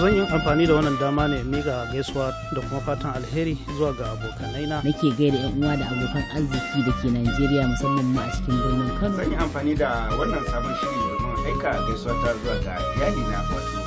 zan yi amfani da wannan dama ne mi ga gaisuwa da kuma fatan alheri zuwa ga abokanai na. Nake gaida yan uwa da abokan arziki da ke Najeriya musamman ma a cikin birnin Kano. Zan yi amfani da wannan sabon shiri domin aika gaisuwa ta zuwa ga iyali na wato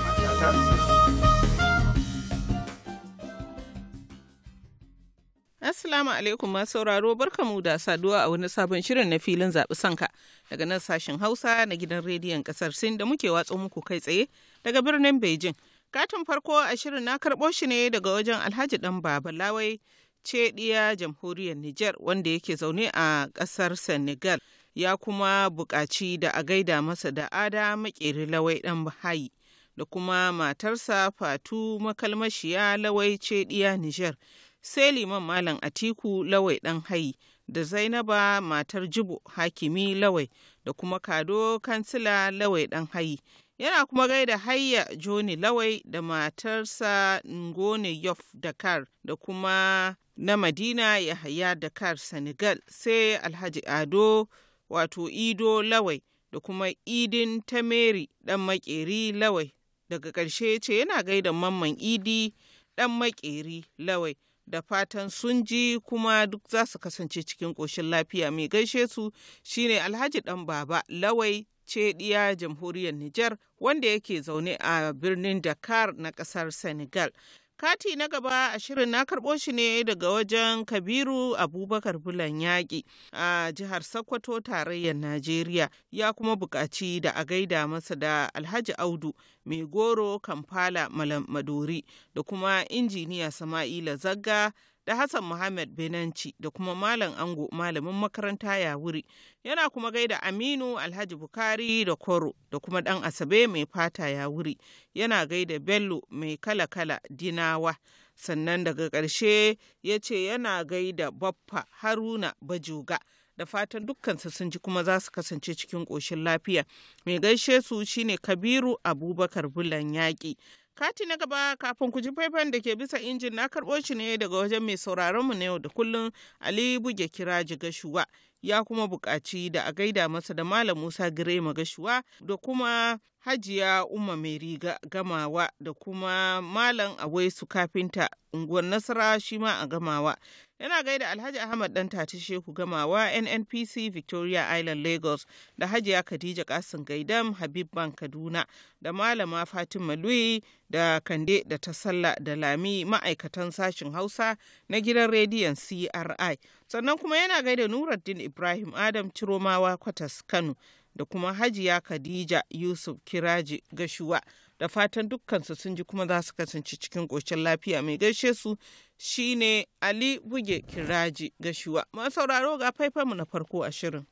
Assalamu alaikum masu sauraro barkamu da saduwa a wani sabon shirin na filin zaɓi sanka daga nan sashen Hausa na gidan rediyon ƙasar Sin da muke watsa muku kai tsaye daga birnin Beijing. Katin farko a shirin na karɓo shi ne daga wajen Alhaji ɗan Baba Lawai ce jamhuriyar Nijar wanda yake zaune a ƙasar Senegal ya kuma buƙaci da a gaida masa da ada makeri Lawai ɗan Bahayi da kuma matarsa Fatu makalmashiya Lawai ce ɗiya Nijar sai liman Malam Atiku Lawai ɗan Hayi da Zainaba matar Jibo Hakimi Lawai da kuma Kado Kansila Lawai ɗan Hayi. yana kuma gaida hayya joni lawai da matarsa ngone yof dakar da kuma na madina yahaya dakar senegal sai alhaji ado wato ido lawai da kuma idin tameri dan makeri lawai daga ƙarshe ce yana gaida mamman idi dan makeri lawai da fatan sun ji kuma duk za su kasance cikin ƙoshin lafiya mai gaishe su shine alhaji dan baba lawai ce jamhuriyar Nijar wanda yake zaune a birnin Dakar na ƙasar Senegal. Kati na gaba a shirin na karɓo shi ne daga wajen Kabiru Abubakar Bulan Yaƙi a jihar Sokoto tarayyar Najeriya ya kuma buƙaci da a gaida masa da Alhaji Audu Mai Goro Kamfala Madori da kuma injiniya Sama'ila Zagga da Hassan Muhammad Benanci da kuma Malam Ango malamin makaranta ya wuri yana kuma gaida Aminu Alhaji Bukari da Koro da kuma ɗan Asabe mai fata ya wuri yana gaida Bello mai kala-kala Dinawa sannan daga ƙarshe ya ce yana gaida Baffa Haruna Bajuga. da fatan dukkansa sun ji kuma za su kasance cikin ƙoshin lafiya mai gaishe su shine kabiru abubakar bulan yaƙi Kati na gaba kafin ku ji faifan da ke bisa injin na karɓo shi ne daga wajen mai sauraron mu na yau da kullun Ali Buge Kiraji Gashuwa ya kuma buƙaci da a gaida masa da Malam Musa Gire Magashuwa da kuma Hajiya Umma Meri Gamawa da kuma Malam Awaisu Kafinta unguwar Nasara shi ma a Gamawa. Yana gaida Alhaji Ahmad Dan Tati Shehu Gamawa NNPC Victoria Island Lagos da Hajiya Khadija kasin Gaidam Habib Ban Kaduna da Malama Fatima Lui da Kande da ta sallah da Lami ma'aikatan sashin Hausa na gidan rediyon CRI. sannan kuma yana gaida nuruddin ibrahim adam ciromawa kwatas kano da kuma hajiya khadija yusuf kiraji gashuwa da fatan dukkansu sun ji kuma za su kasance cikin ƙoshin lafiya mai gaishe su shine ali buge kiraji gashuwa masu sauraro ga faifanmu na farko a shirin.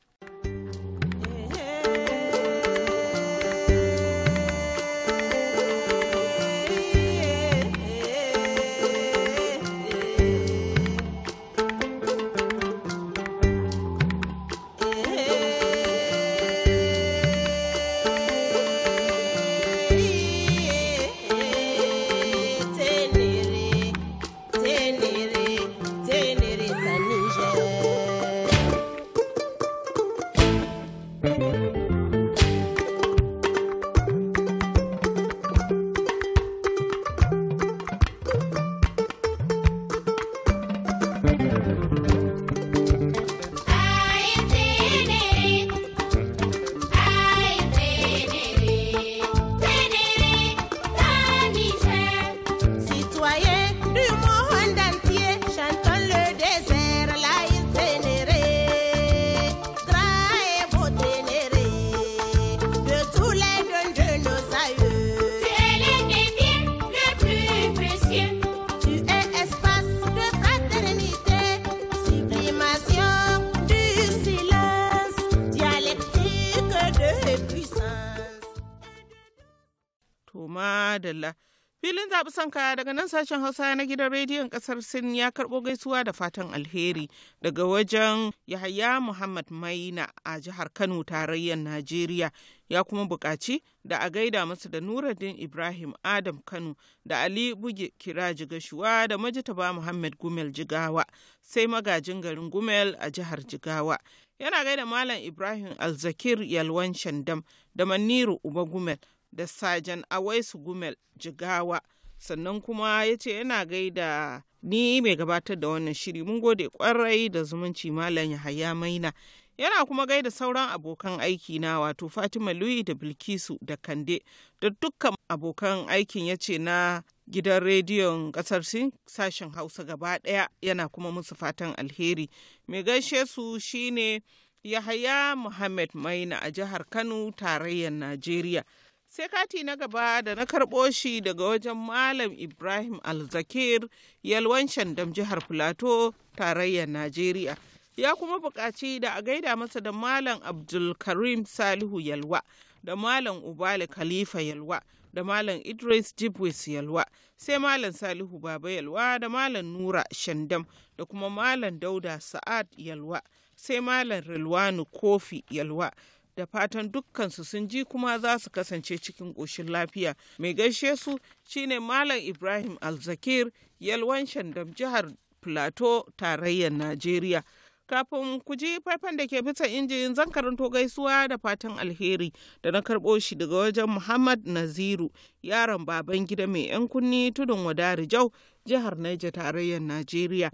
Adalla. Filin zaɓi son daga nan sashen Hausa na gidan rediyon ƙasar Sin ya karɓo gaisuwa da fatan alheri daga wajen Yahaya Muhammad Maina a jihar Kano tarayyar Najeriya ya kuma buƙaci da a gaida masa da Nuruddin Ibrahim Adam Kano da Ali Buge Kiraji Gashuwa da Majitaba Muhammad Gumel Jigawa sai magajin garin Gumel a jihar Jigawa. Yana gaida Malam Ibrahim Alzakir Yalwan Shandam da Maniru Uba Gumel da sajan awaisu gumel jigawa sannan kuma ya ce yana gaida ni mai gabatar da wannan shiri mun gode kwarai da zumunci malam yahaya maina yana kuma gaida sauran abokan aiki na wato fatima louis da bilkisu da kande da dukkan abokan aikin ya ce na gidan rediyon kasar sin sashen hausa gaba daya yana kuma musu fatan alheri mai gaishe su shine yahaya muhammad maina a jihar kano tarayyar najeriya sai kati na gaba da na karɓo shi daga wajen malam ibrahim alzakir yalwan shandam jihar filato tarayyar najeriya ya kuma buƙaci da a gaida masa da malam abdulkarim salihu yalwa da malam ubali khalifa yalwa da malam idris jibwis yalwa sai malam salihu baba yalwa da malam nura shandam da kuma malam dauda sa'ad yalwa sai malam rilwanu kofi yalwa da fatan dukkansu sun ji kuma za su kasance cikin ƙoshin lafiya mai gaishe su shine malam ibrahim alzakir yalwan shandam jihar plateau tarayyar najeriya kafin ku ji faifan da ke bisa injin zan karanto gaisuwa da fatan alheri da na karɓo shi daga wajen muhammad naziru yaron baban gida mai 'yan kunni tudun wadari jau jihar naija tarayyar najeriya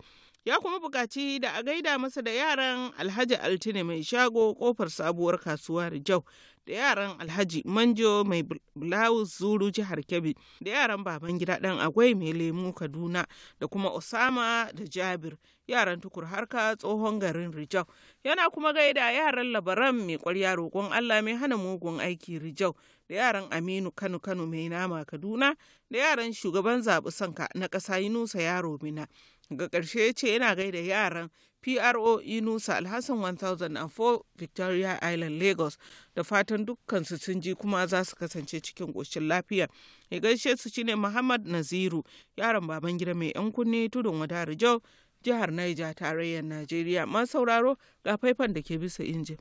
ya kuma buƙaci da a gaida masa da yaran alhaji altine mai shago kofar sabuwar kasuwa jau da yaran alhaji manjo mai bulawus zuru jihar kebbi da yaran baban gida ɗan agwai mai lemu kaduna da kuma osama da jabir yaran tukur harka tsohon garin rijau yana kuma gaida yaran labaran mai kwarya roƙon allah mai hana mugun aiki rijau da yaran aminu kano kano mai nama kaduna da yaran shugaban zaɓi sanka na ƙasa yunusa yaro mina Ga ƙarshe ya ce yana gaida yaran PRO Inusa Alhassan 1004 Victoria Island Lagos da fatan dukkan su sun ji kuma za su kasance cikin ƙoshin lafiya. Ya gaishe su shine Muhammad Naziru yaron baban gida mai yan kunne tudun wadar Jau jihar Niger tarayyar Najeriya. masu sauraro ga faifan da ke bisa injin.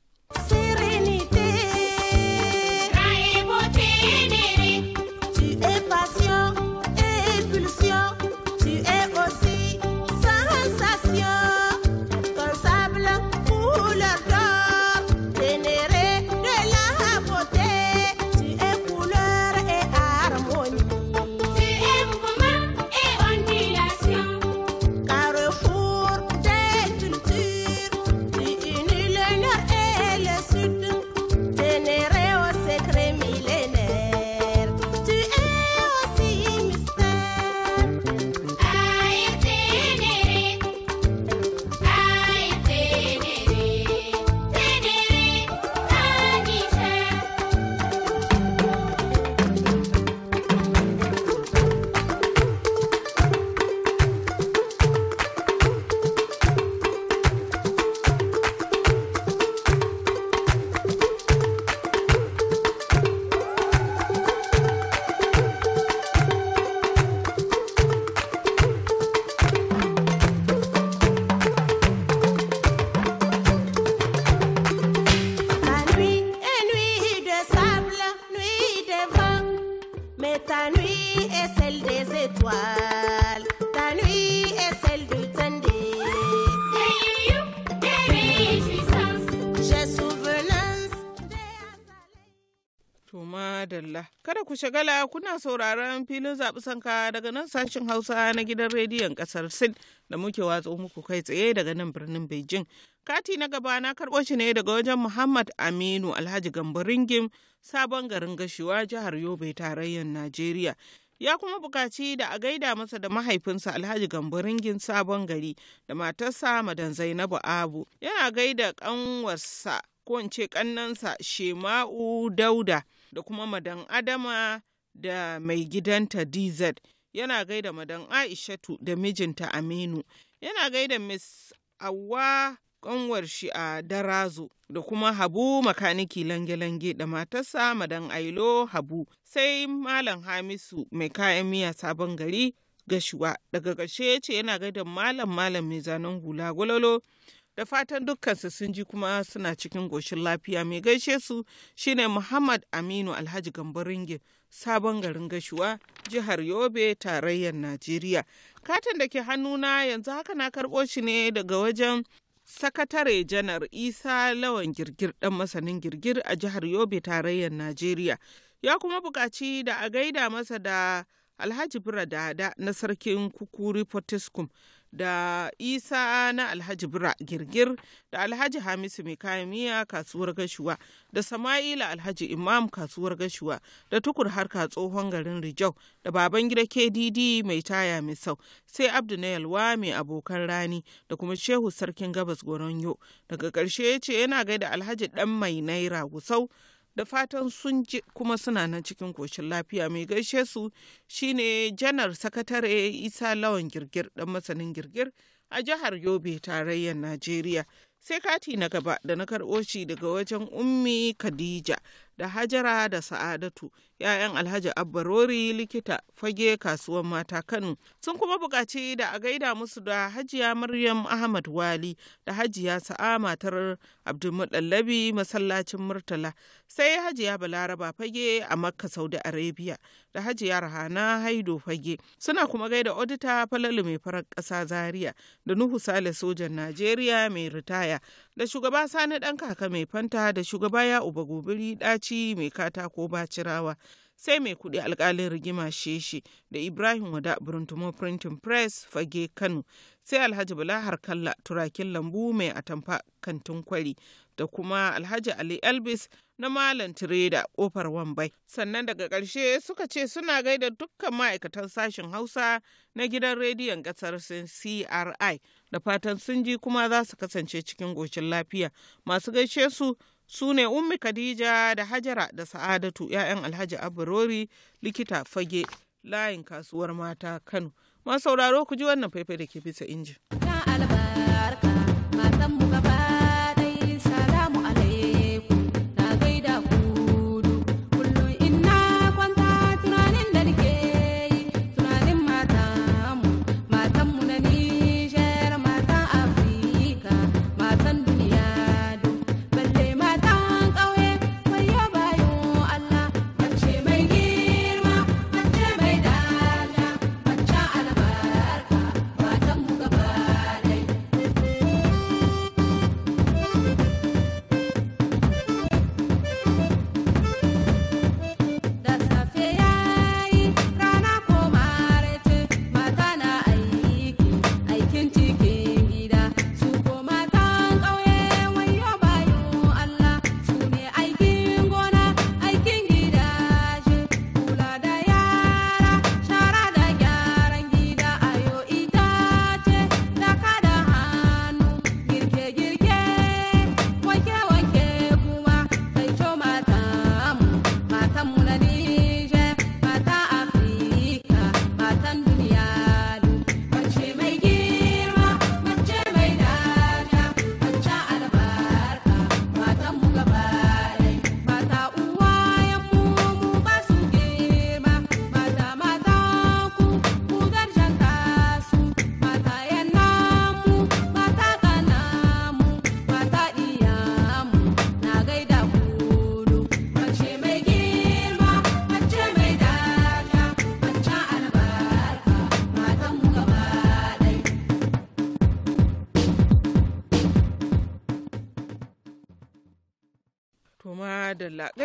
ku shagala kuna sauraron filin zaɓi sanka daga nan sashen Hausa na gidan rediyon ƙasar Sin da muke watsa muku kai tsaye daga nan birnin Beijing. Kati na gaba na karɓo shi ne daga wajen Muhammad Aminu Alhaji Gambaringim sabon garin gashiwa jihar Yobe tarayyar Najeriya. ya kuma bukaci da a gaida masa da mahaifinsa alhaji gambaringin sabon gari da matarsa madan zainabu abu yana gaida ƙanwarsa ko in ce kannansa shema'u dauda da kuma madan Adama da mai gidanta DZ. Yana gaida madan Aishatu da mijinta Aminu. Yana gaida Miss Awa kanwar shi a Darazo da kuma Habu makaniki lange-lange da matarsa madan Ailo Habu sai Malam Hamisu mai kayan miya sabon gari gashuwa daga ƙarshe ya ce yana gaida malam malam mai zanen hula gwalolo da fatan dukkansu sun ji kuma suna cikin goshin lafiya mai gaishe su shine muhammad aminu alhaji gambaringin sabon garin gashuwa jihar yobe tarayyar najeriya katin da ke hannuna yanzu haka na karbo shi ne daga wajen sakatare janar isa lawan girgir dan masanin girgir a jihar yobe tarayyar najeriya ya kuma bukaci da a gaida masa da alhaji Dada na sarkin kukuri potiskum da isa na alhaji bura girgir da alhaji hamisu mai kayan miya kasuwar gashuwa da sama'ila alhaji imam kasuwar gashuwa da tukur harka tsohon garin rijau da baban gida kdd mai taya mai sau sai abdu na yalwa mai abokan rani da kuma shehu sarkin gabas goronyo daga ƙarshe ya ce yana gaida alhaji dan mai naira gusau da fatan sun ji kuma suna nan cikin koshin lafiya mai gaishe su shine janar sakatare isa lawan girgir dan masanin girgir a jihar yobe tarayyar najeriya sai kati na gaba da na karɓo shi daga wajen ummi khadija da Hajara da Sa'adatu, 'ya'yan Alhaji Abbarori likita fage kasuwar mata Kano. Sun kuma buƙaci da a gaida musu da Hajiya Maryam Ahmad Wali da Hajiya Sa'a matar Abdulmuɗallabi masallacin Murtala, sai Hajiya Balaraba fage a Makka Saudi Arabia da Hajiya Rahana Haido fage. Suna kuma gaida Odita Falalu mai farar ƙasa Zaria da Nuhu Sale sojan Najeriya mai ritaya da shugaba sani ɗan kaka mai fanta da shugaba ya uba gobiri ɗaci mai katako bacirawa sai mai kuɗi alkalin rigima sheshe da ibrahim wada burntumo printing press fage kano sai alhaji bulahar kalla turakin lambu mai atamfa kantin kwari da kuma alhaji ali elbis na Malam Tireda kofar Wambai. Sannan daga ƙarshe suka ce suna gaida dukkan ma'aikatan sashen Hausa na gidan rediyon ƙasar sin CRI da fatan sun ji kuma za su kasance cikin goshin lafiya. Masu gaishe su su ne Ummi Khadija da Hajara da Sa'adatu 'ya'yan Alhaji Aburori likita fage layin kasuwar mata Kano. Masu sauraro ku ji wannan faifai da ke bisa injin. albarka, matan mu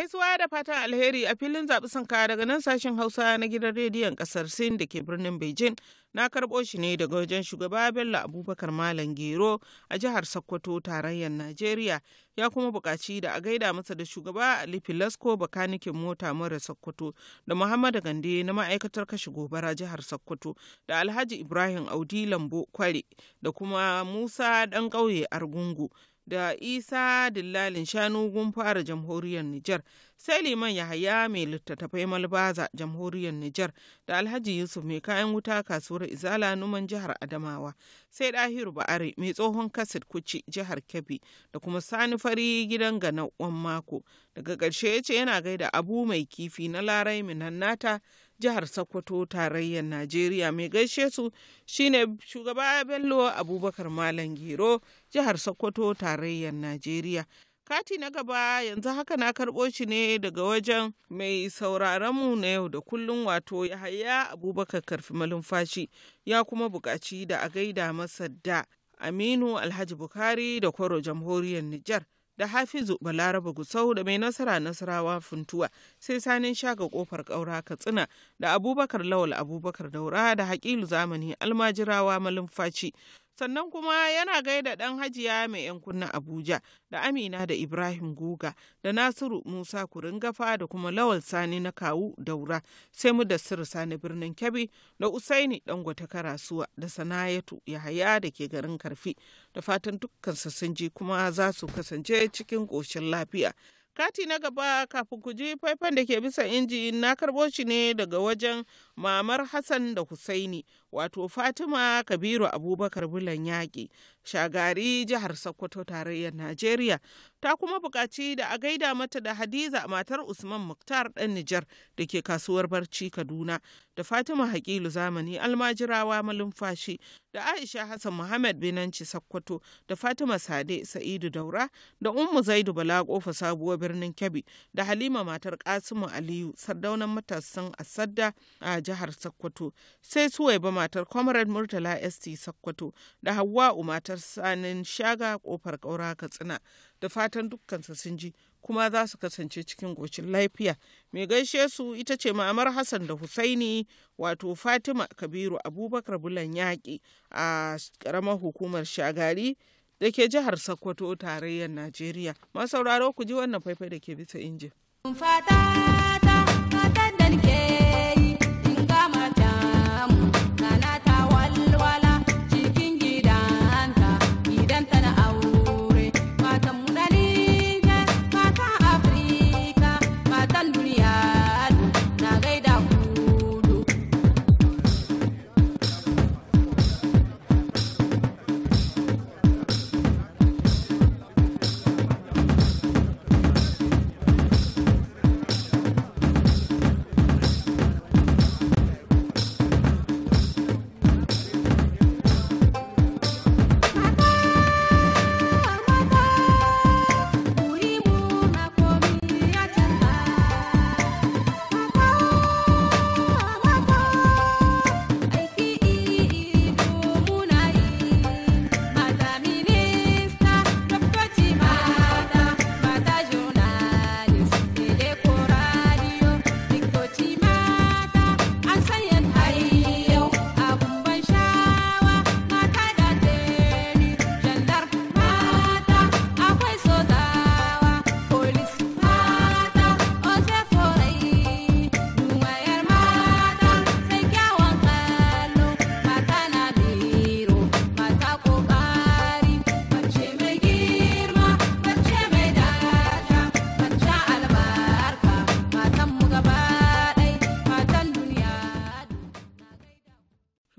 Gaisuwa da fatan alheri a filin zaɓi sanka daga nan sashen Hausa na gidan rediyon ƙasar Sin da ke birnin Beijing na karɓo shi ne daga wajen shugaba Bello Abubakar Malam Gero a jihar Sokoto tarayyar Najeriya ya kuma buƙaci da a gaida masa da shugaba Ali Filasko bakanikin mota mara Sokoto da Muhammadu Gande na ma'aikatar kashe gobara jihar Sokoto da Alhaji Ibrahim Audi Lambo Kware da kuma Musa ɗan ƙauye Argungu da isa dillalin shanu fara jamhuriyar nijar sai liman yahaya mai littattafai malbaza jamhuriyar nijar da alhaji yusuf mai kayan wuta kasuwar izala numan jihar adamawa sai dahiru ba'ari mai tsohon kasid kuci jihar kebbi da kuma sani fari gidan ganawan mako daga ƙarshe ya ce yana gaida abu mai kifi na larai minannata jihar Sokoto tarayyar Najeriya mai gaishe su shine shugaba Bello Abubakar Malam Gero jihar Sokoto tarayyar Najeriya. Kati na gaba yanzu haka na karɓo shi ne daga wajen mai sauraronmu na yau da kullun wato Yahaya Abubakar Karfi Malumfashi ya kuma bukaci da a gaida masa da Aminu Alhaji Bukari da Kwaro Jamhuriyar Nijar. da hafizu balaraba gusau da mai nasara nasarawa funtuwa sai sanin shaga kofar ƙaura katsina da abubakar lawal abubakar daura da hakilu zamani almajirawa malumfaci sannan kuma yana gaida ɗan hajiya mai 'yan kunna Abuja da Amina da Ibrahim Guga da Nasiru Musa Kuringafa da kuma Lawal Sani na Kawu Daura sai mu da Sir Sani birnin Kebbi da Usaini gwata Karasuwa da Sanayatu Yahaya da ke garin Karfi da fatan dukkan sun ji kuma za su kasance cikin koshin lafiya. kati na gaba kafin ku ji faifan da ke bisa inji na karɓo shi ne daga wajen mamar hassan da husaini wato Fatima Kabiru Abubakar Bulan Yaƙi, shagari jihar Sokoto tarayyar Najeriya, ta kuma buƙaci da a gaida mata da Hadiza matar Usman Muktar ɗan Nijar da ke kasuwar Barci Kaduna, da Fatima haƙilu Zamani Almajirawa Malumfashi, da Aisha Hassan Muhammad Binanci Sokoto, da Fatima Sade Sa'idu Daura, da Ummu Zaidu Bala Kofa Sabuwar Birnin Kebbi, da Halima matar Kasimu Aliyu, sardaunan matasan Asadda a jihar Sokoto, sai Suwaiba matar comrade murtala st sakkwato da hawa'u matar sanin shaga kofar kaura katsina da fatan dukkansa sun ji kuma za su kasance cikin gocin lafiya mai gaishe su ita ce ma'amar hassan da husaini wato fatima kabiru abubakar bulan yaƙi a ƙaramar hukumar shagari da ke jihar sakkwato tarayyar najeriya masauraro ku ji wannan faifai da ke bisa injin.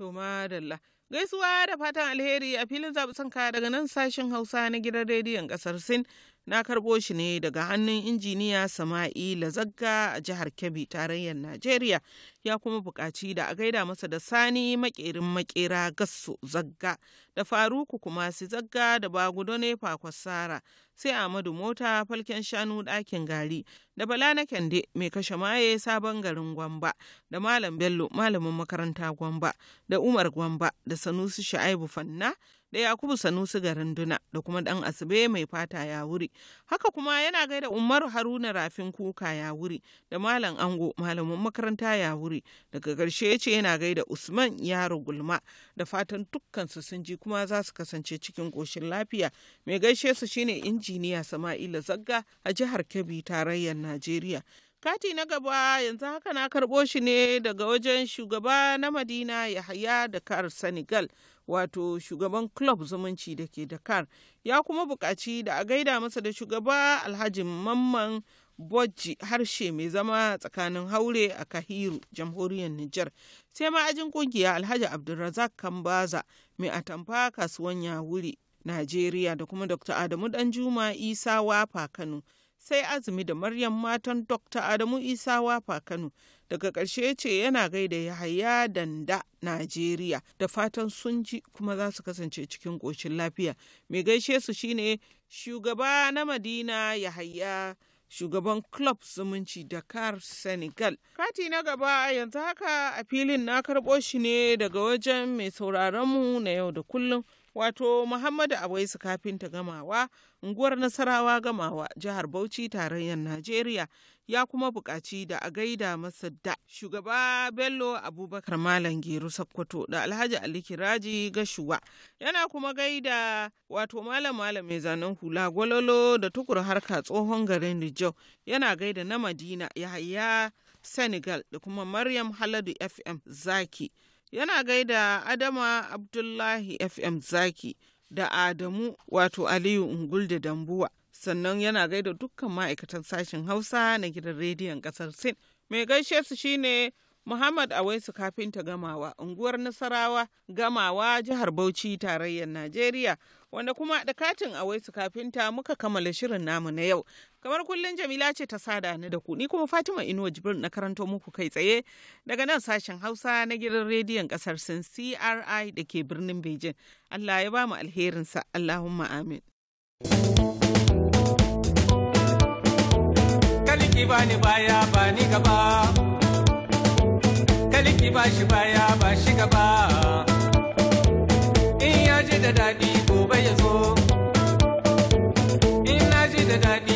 To madalla. Gaisuwa da fatan alheri a filin kaya daga nan sashen Hausa na gidan rediyon kasar Sin na karbo shi ne daga hannun injiniya Sama'ila Zagga a jihar Kebbi tarayyar Najeriya ya kuma bukaci da a gaida masa da Sani maƙerin maƙera Gasso Zagga da Faruku kuma si Zagga da Bagudone Fakwasara sai Ahmadu Mota falken shanu ɗakin gari da Bala na Kande mai kashe maye sabon garin Gwamba da Malam Bello malamin makaranta Gwamba da Umar Gwamba da Sanusi Sha'ibu Fanna da Yakubu Sanusi garin Duna da kuma ɗan Asibe mai fata ya wuri. Haka kuma yana gaida Umaru Haruna Rafin Kuka ya wuri da Malam Ango malamin makaranta ya wuri. Daga ƙarshe ya ce yana gaida Usman Yaro Gulma da fatan dukkansu sun ji kuma za su kasance cikin ƙoshin lafiya. Mai gaishe su shine injiniya Sama'ila Zagga a jihar Kebbi tarayyar Najeriya. Kati na gaba yanzu haka na karbo shi ne daga wajen shugaba na Madina Yahaya Dakar Senegal wato shugaban club zumunci da ke Dakar ya kuma bukaci da a gaida masa da shugaba Alhaji Mamman Bojji harshe mai zama tsakanin haure a Kahiru, jamhuriyar niger Sai ma'ajin kungiya Alhaji Abdulrazak Kambaza mai atamfa kasuwan yahuri Najeriya da kuma Dr. Adamu Danjuma Isa Wafa Kano. sai azumi da maryam matan dr adamu isa wafa kano daga ƙarshe ya ce yana gaida yahaya danda najeriya da fatan sun ji kuma za su kasance cikin ƙoshin lafiya mai gaishe su shine shugaba na madina yahaya shugaban club zumunci dakar senegal kati na gaba yanzu haka a filin na karɓo shi ne daga wajen mai sauraronmu na yau da kullum wato Muhammadu Awaisu kafinta gamawa unguwar Nasarawa gamawa jihar Bauchi tarayyar Najeriya ya kuma buƙaci da a gaida masa da shugaba Bello Abubakar Malam Geru Sakkwato da Alhaji Ali Kiraji Gashuwa yana kuma gaida wato Malam Malam mai zanen hula gwalolo da tukur harka tsohon garin nijau yana gaida na Madina Yahaya Senegal da kuma Maryam Haladu FM Zaki yana gaida Adama Abdullahi FM Zaki da Adamu wato Aliyu Ungul da Dambuwa. Sannan yana gaida dukkan ma'aikatan sashen Hausa na gidan rediyon kasar Sin. Mai gaishe su shine Muhammad Awaisu kafinta gamawa unguwar Nasarawa gamawa jihar Bauchi tarayyar Najeriya wanda kuma da katin Awaisu kafinta muka kammala shirin namu na yau kamar kullum jamila ce ta sada ni da ku ni kuma fatima inuwa jibril na karanto muku kai tsaye daga nan sashen hausa na gidan rediyon kasar sin cri da ke birnin beijing allah ya ba mu alherinsa allahumma amin kaliki ba baya ba ni gaba kaliki ba baya ba shi gaba in ya ji da daɗi gobe ya zo in na ji da daɗi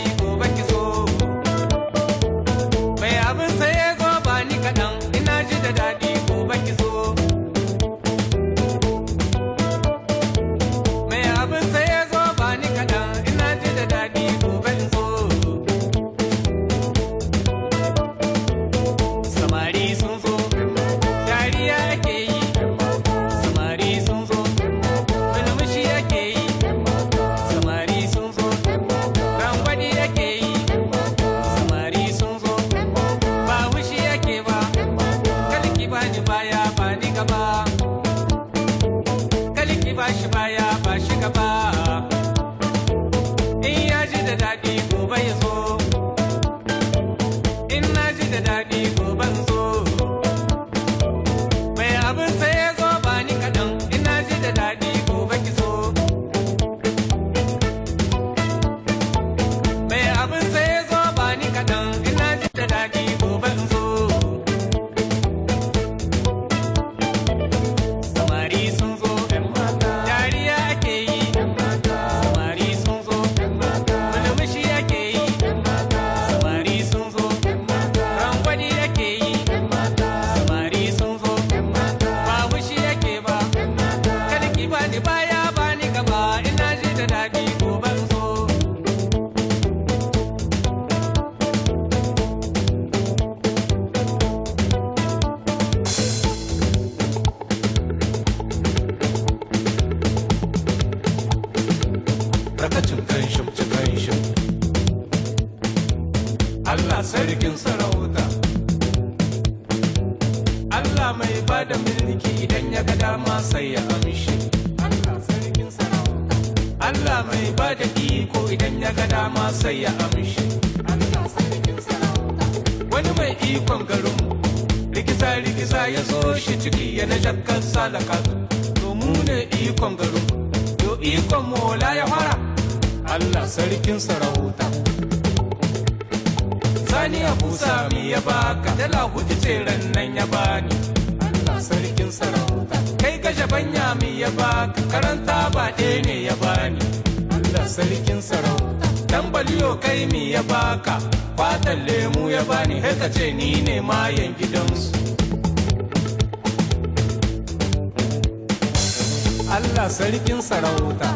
ba da mulki idan ya ga dama sai ya amshi Allah mai ba da iko idan ya ga dama sai ya amshi wani mai ikon garin rigisa rigisa ya zo shi ciki ya na shakkar salaka domin ne ikon garin yo ikon mola ya fara Allah sarkin sarauta sani ya busa mi ya baka dala hudu nan ya bani sarkin sarauta kai ga jabanya mi ya ka karanta ba ne ya bani Allah sarkin sarauta tambaliyo kai mi ya baka fatan lemu ya bani he ka ce ni ne mayan gidansu Allah sarkin sarauta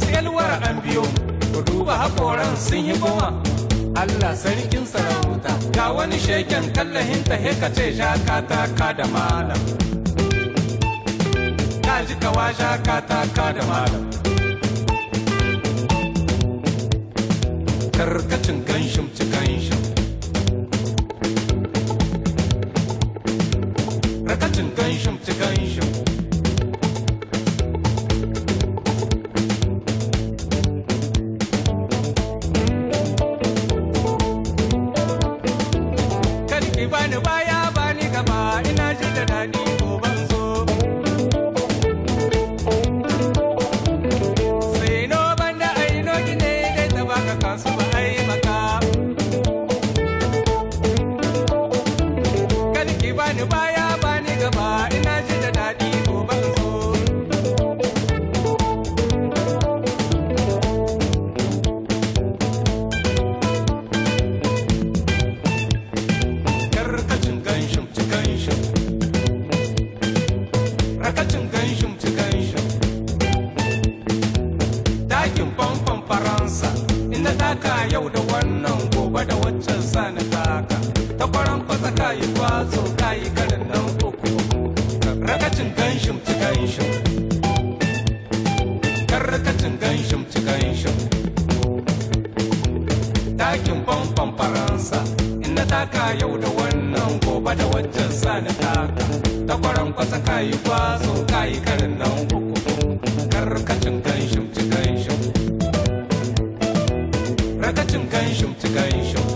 sayarwar an biyo ku duba hakoran sun yi goma Allah sarkin sarauta ga wani sheken kallahin ta he ka ce shaka ta ka da malam ka ji kawa shaka ta ka da malam karkacin ganshim ci shi rakacin ganshim ci ganshim taka yau da wannan gobe da wancan sani taka ta kwaran kwasa kayi kwaso kayi karin nan uku karkacin kanshim ci kanshim rakacin kanshim ci kanshim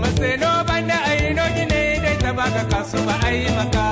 maseno da ainihin ne dai ta baka kasu ba yi maka